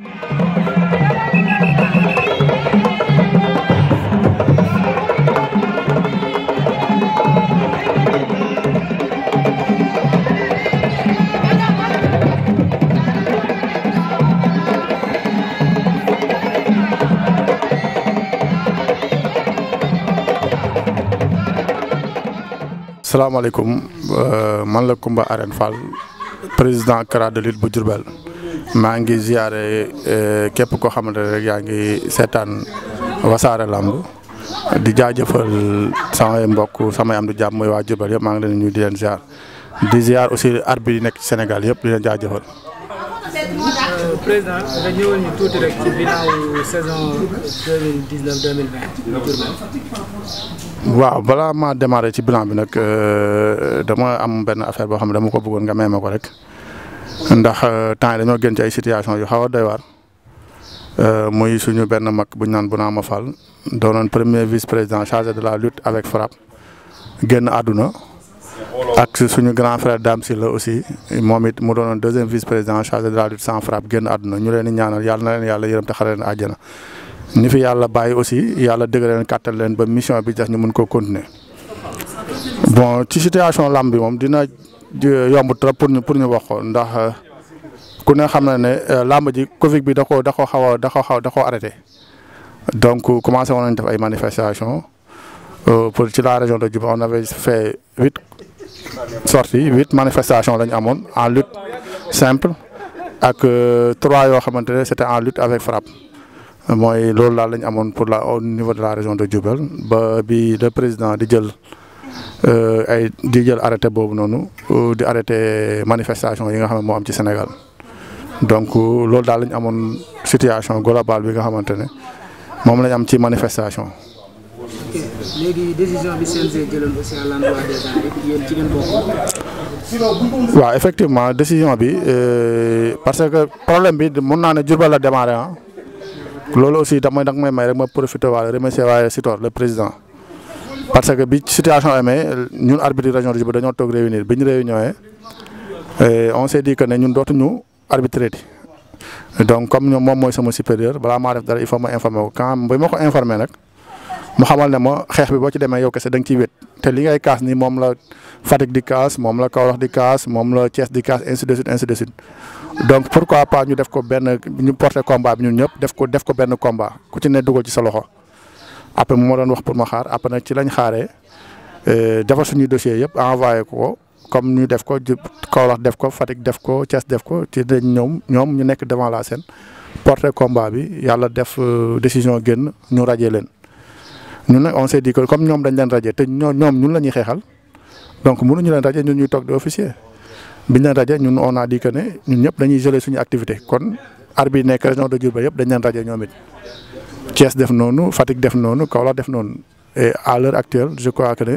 salaamaaleykum euh, man la Kumba Arène Fall président CRA de bu Diourbel maa ngi ziare eh, képp koo xamante ne rek yaa ngi seetaan wasaare lamb di jaajëfal samay mbokk samay am du jàmm mooy waa Diourbel yëpp maa ngi leen ñu di leen aussi arbitre nekk ci Sénégal yëpp di leen jaajëfal. waaw balaa maa démarrer ci bilan bi nag euh, dama am benn affaire boo xam ne dama ko bëggoon nga may ma ko rek. ndax euh, temps yi dañoo gën ci ay situation yu xaw a euh, muy suñu benn mag bu ñu naan Bounama Fall doonoon premier vice président chargé de la lutte avec FRAPP génn àdduna ak suñu grand frère Dame Sylla aussi moom it mu doonoon deuxième vice président chargé de la lutte sans FRAPP génn àdduna ñu leen di ñaanal yàlla na leen yàlla yërëm te xare leen fi yàlla bàyyi aussi yàlla dëgg leen leen ba mission bi tax ñu mun ko continuer bon ci Eh, yomb trop pour ñu pour ñu wax ko ndax eh, ku ne xam na ne eh, làmb ji Covid bi da koo da xaw a xaw da koo donc commencé woon nañ def ay manifestations euh, pour ci la région de Diourbel on avait fait huit sorties huit manifestation la ñu amoon en lutte simple ak euh, trois yoo xamante ne c'était en lutte avec frappe mooy loolu laal lañ amoon pour la au niveau de la région de Diourbel ba bi le président di jël. Euh, ay di jël arrêté boobu noonu euh, di arrêté manifestation yi nga xam ne moo am ci Sénégal donc euh, loolu daal lañ amoon situation globale bi nga xamante ne moom lañ am ci manifestation. waa léegi décision bi CNG jëloon aussi à effectivement décision bi parce que problème bi mun naa ne Diourbel la démarré ah. loolu aussi damay danga may may rek ma profité waale remercier waaye Sitor le président. parce que bi situation amee ñun arbitre région de Diourbel dañoo toog réunir bi ñu réunion eh, on s'est dit que ne ñun dootuñu arbitrer donc comme ñoom moom mooy sama supérieur balaa maa def dara il faut ma informer ko quand bi ma ko informer nag mu xamal ne ma xeex bi boo ci demee yow kese da nga ciy wét te li ngay kaas ni moom la Fatick di kaas moom la Kaolack di kaas moom la Thiès di kaas ainsi de suite ainsi de suite donc pourquoi pas ñu def ko benn ñu porter combat bi ñun ñëpp def ko def ko benn combat ku ci ne ci sa loxo. après mu ma doon wax pour ma xaar après nag ci lañ xaaree euh, defar suñuy dossier yëpp envoyé ko comme ñu def ko Kaolack def ko Fatick def ko Thiès def ko ci dañ ñoom ñoom ñu nekk devant la scène porte combat bi yàlla def euh, décision génn ñu rajee leen. ñun nag on s'est dit comme ñoom dañ leen rajee te ñoo ñoom ñun la ñuy xeexal donc mënuñu leen rajee ñun ñuy toog di officier biñ leen rajee ñun on a dit que ne ñun ñëpp dañuy geler suñu activité kon arbitre yi nekk région de Diourbel yëpp dañ leen rajo ñoom it def noonu Fatick def noonu Kaolack def noonu et à actuelle je crois que ne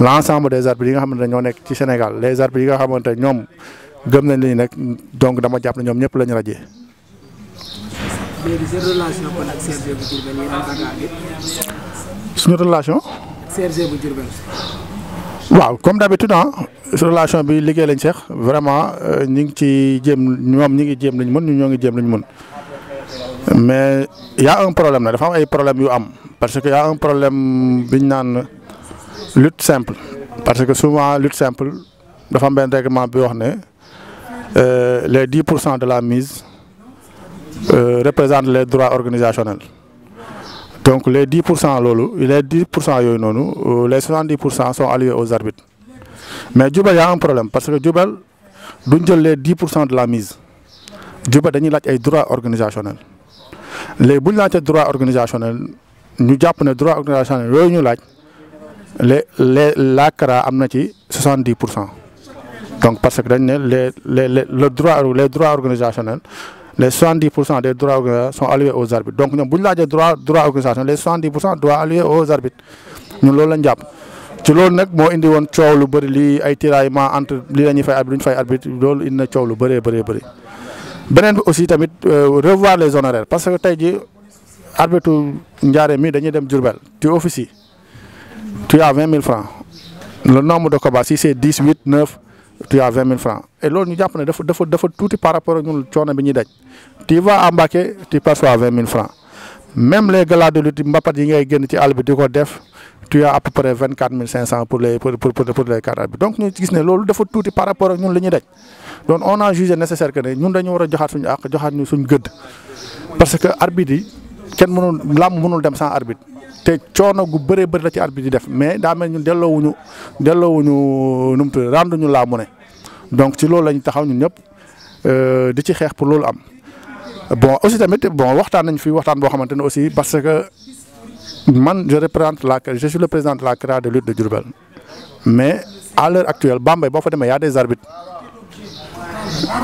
l' ensemble des arbitres yi nga xamante ne ñoo nekk ci Sénégal les arbitres yi nga xamante ne ñoom gëm nañ li ñu nekk donc dama jàpp ne ñoom ñëpp lañu ñu rajee suñu waaw comme d'habitude ah relation bi liggéey lañ seex vraiment euh, ñi ngi ci jéem ñoom ñi ngi jéem lañ mën ñu ñoo ngi jéem lañ mën mais y a un problème na dafa am ay problème yu am parce que y a un problème biñ naan lutte simple parce que souvent lutte simple dafa am benn règlement bi wax ne euh, les dix pour cent de la mise euh, représentent les droits organisationnels donc les dix pour cent loolu les dix pour cent yooyu noonu euh, les soixante pour cent sont alloués aux arbitres mais Diourbel y a un problème parce que Diourbel du jël les dix pour cent de la mise Diourbel dañuy laaj ay droits organisationnels les buñ ñu laajtee droits organisationnels ñu jàpp ne droits organisationnels yooyu ñu laaj les les l'ACRA am na ci soixante dix pour cent donc parce que dañ ne les les le droit les droits organisationnels les soixante dix pour cent des droits sont alloués aux arbitres donc ñoom bu ñu droit droit organisation les soixante dix pour cent droits alloués aux arbitres ñun loolu lañ jàpp. ci loolu nag moo indi woon coow lu bëri lii ay tiraillement entre lii la ñuy fay arbitre du ñu fay arbitre loolu indi na coow lu bëree bëree bëri beneen bi aussi tamit euh, revoir les honoraires parce que tey jii arbitre Ndiarème mi dañuy dem Diourbel tu officie tu as vingt mille francs le nombre de combats tu as vingt mille francs et loolu ñu jàpp ne dafa dafa tuuti par rapport ak ñun coono bi ñuy daj tu vas à Mbacké tu perçois vingt mille francs même les galas de lutte yi ngay génn ci àll bi ko def tu as à peu près vingt quatre mille cinq cent pour les pour pour quatre bi donc ñu gis ne loolu dafa tuuti par rapport ak ñun li daj donc on a jugé nécessaire que ne ñun dañu war a joxaat suñu àq joxaat ñu gëdd parce que arbitre yi kenn mënul làmb dem sans arbitre. te coono gu bëree bëri la ci arbitre di def mais daa mel ñun delloowuñu delloowuñu nu mu tudd rendu ñu laa mu ne donc ci loolu lañ taxaw ñun ñëpp euh, di ci xeex pour loolu am bon aussi tamit bon waxtaan nañ fi waxtaan boo xamante ne aussi parce que man je représente la je le président de la CRA de lutte de Diourbel mais à l'heure actuelle Bambey boo fa demee y a des arbitres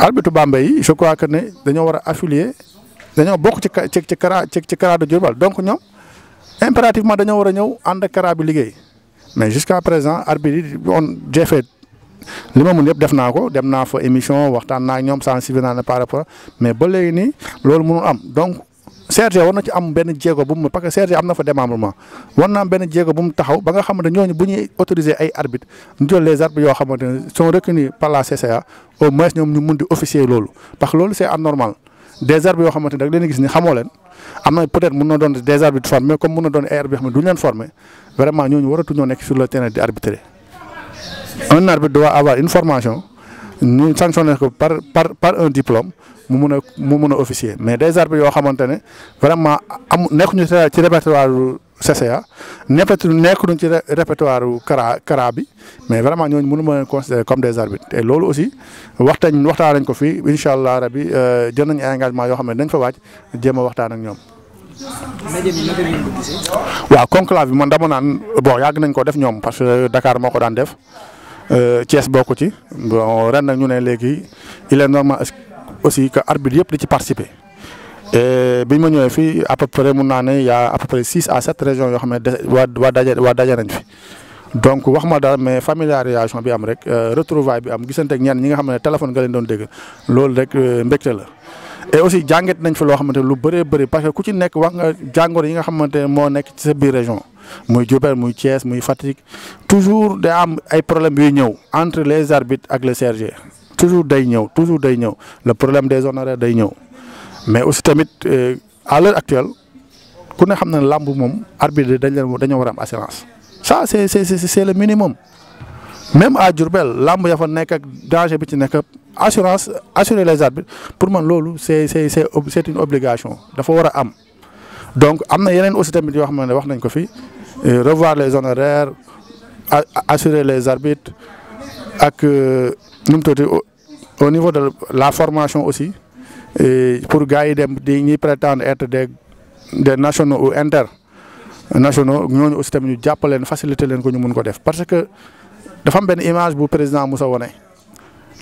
arbitre Bambey yi je crois que ne dañoo war a affilier dañoo bokk ci ci ci CRA ci CRA de Diourbel donc ñoom. impérativement dañoo war a ñëw ànd ak CRA liggéey mais jusqu'à présent arbitre yi on j'ai fait li ma yëpp def naa ko dem naa fa émission waxtaan naa ñoom sensibiliser naa ne par rapport mais ba léegi nii loolu mënul am donc CRG war na ci am benn jéego bu mu parce que CRG am na fa démembrement war na am benn jéego bu mu taxaw ba nga xamante ñooñu bu ñuy autoriser ay arbitres ñu jël les yoo xamante ne sont reconnus par la CCA o moins ñoom ñu mun di officier loolu parce que loolu c'est yoo xamante ne da gis ni xamoo leen am peut-être mun na doon des arbitres formés mais comme mun na doon ay arbitres yoo xam ne du ñu leen formé vraiment ñooñu waratuñoo nekk sur le terrain di arbitrer un arbitre doit avoir une formation ñu sanctionné ko par par par un diplôme mu mun a mu mun a officier mais des arbitres yoo xamante ne vraiment am nekkuñu ci répertoire ru CCA nekkatu nekkuñu ci répertoire ru CRA CRA bi mais vraiment ñooñu mënu ma leen considérer comme des arbitres te loolu aussi waxtaan waxtaan nañ ko fii incha allah rabi euh, jël nañ ay engagement yoo xam ne dañ fa waaj jéem a waxtaan ak ñoom. waaw conclave bi man dama naan bo yàgg nañ ko def ñoom parce que Dakar moo ko daan def euh, Thiès bokk ci ren nag ñu ne léegi il est normal aussi que arbitre yëpp di ci participer bi ma ñëwee fii à peu mun naa ne y' a à peu six à sept régions yoo xam ne waa waa daje waa daje nañ fi. donc wax ma daal mais familiarisation bi am rek euh, retrouvaille bi am gisante ñaan ñi nga xam ne téléphone nga leen doon dégg loolu rek euh, mbégte la. et aussi jàngat nañ fi loo xamante lu bëree bëri parce que ku ci nekk wax nga jàngoro yi nga xamante ne moo nekk ci sa biir région muy Diourbel muy Thiès muy Fatick toujours day am ay problèmes yuy ñëw entre les arbitres ak le CRG. toujours day ñëw toujours day ñëw le problème des honoraires day ñëw mais aussi tamit euh, à l'heure actuelle ku ne xam ne làmb moom arbitre dañ leen dañoo a am assurance ça c'est le minimum même à Diourbel làmb ya fa nekk ak danger bi ci nekk assurance assurer les arbitres pour man loolu c'est une obligation dafa war a am donc am na yeneen aussi tamit yoo xam ne wax nañ ko fi euh, revoir les honoraires assurer les arbitres ak euh, nu mu au niveau de la formation aussi et pour gars yi dem di ñuy prétendre être des des nationaux ou internationaux ñooñu aussi tamit ñu jàpp leen faciliter leen ko ñu mun ko def parce que dafa am image bu président Moussa wone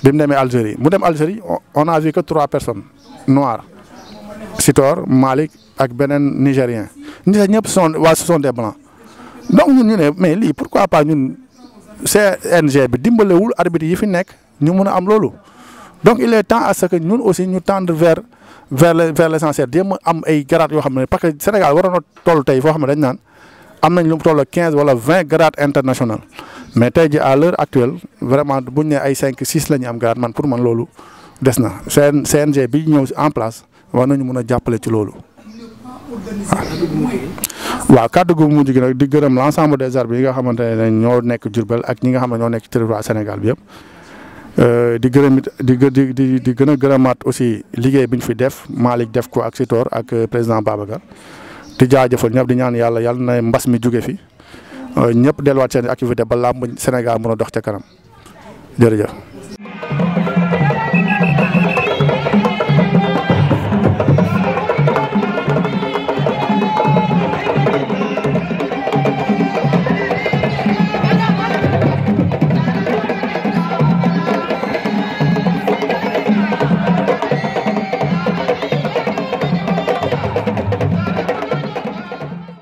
bi mu demee Algérie mu dem Algérie on a vu que trois personnes noires Sitor Malick ak beneen Nigérien ñi sax ñëpp sont waa ce des blancs donc ñun ñu ne mais lii pourquoi pas ñun CNG bi dimbalewul arbitre yi fi nekk ñu mun a am loolu. donc il est temps à ce que ñun aussi ñu tendre vers vers le vers l' a am ay grades yoo xam ne parce que Sénégal waroon na toll tey foo xam ne dañ naan am nañ lu mu toll quinze wala vingt grades international mais tey ji à l'heure actuelle vraiment buñ ne ay cinq six la am grade man pour man loolu des na CNG bi ñëw en place war nañu mun a jàppale ci loolu. waaw kàddu gu mujj gi nag di gërëm l' ensemble des arbitres yi nga xamante ne ñoo nekk Diourbel ak ñi nga xam ne ñoo nekk territoire Sénégal bi yëpp. Euh, di gërëm di di di gën a gërëmaat aussi liggéey bi ñu fi def Malick def ko ak Sitor ak euh, président Babacar di jaajëfal ñëpp di ñaan yàlla yàlla na mbas mi jóge fi euh, ñëpp delluwaat seen activité ba làmb Sénégal mën a dox ca kanam jërëjëf.